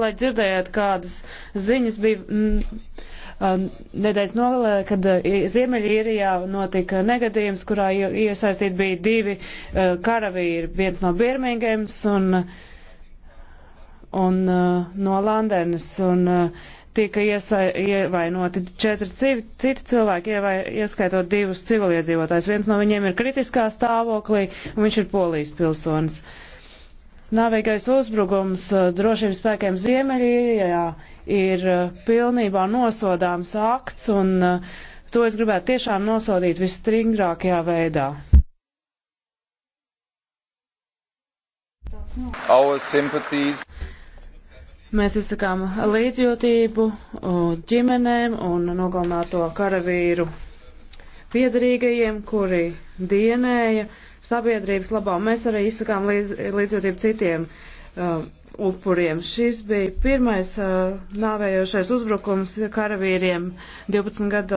Lai dzirdējāt, kādas ziņas bija mm, nedēļas nogalē, kad Ziemeļīrijā notika negadījums, kurā iesaistīti bija divi uh, karavīri, viens no Birmingems un, un uh, no Landenes, un uh, tika iesa, ievainoti četri civi, citi cilvēki, ievai, ieskaitot divus civiliedzīvotājus. Viens no viņiem ir kritiskā stāvoklī, un viņš ir polijas pilsonis. Uh, Nāvīgais uzbrukums eh, drošības spēkiem Ziemeļīrijā ir eh, pilnībā nosodāms akts, un eh, to es gribētu tiešām nosodīt visstringrākajā veidā. Mēs izsakām līdzjūtību ģimenēm un nogalināto karavīru piedarīgajiem, kuri dienēja sabiedrības labā. Mēs arī izsakām līdz, līdzjūtību citiem uh, upuriem. Šis bija pirmais uh, nāvējošais uzbrukums karavīriem 12 gadu.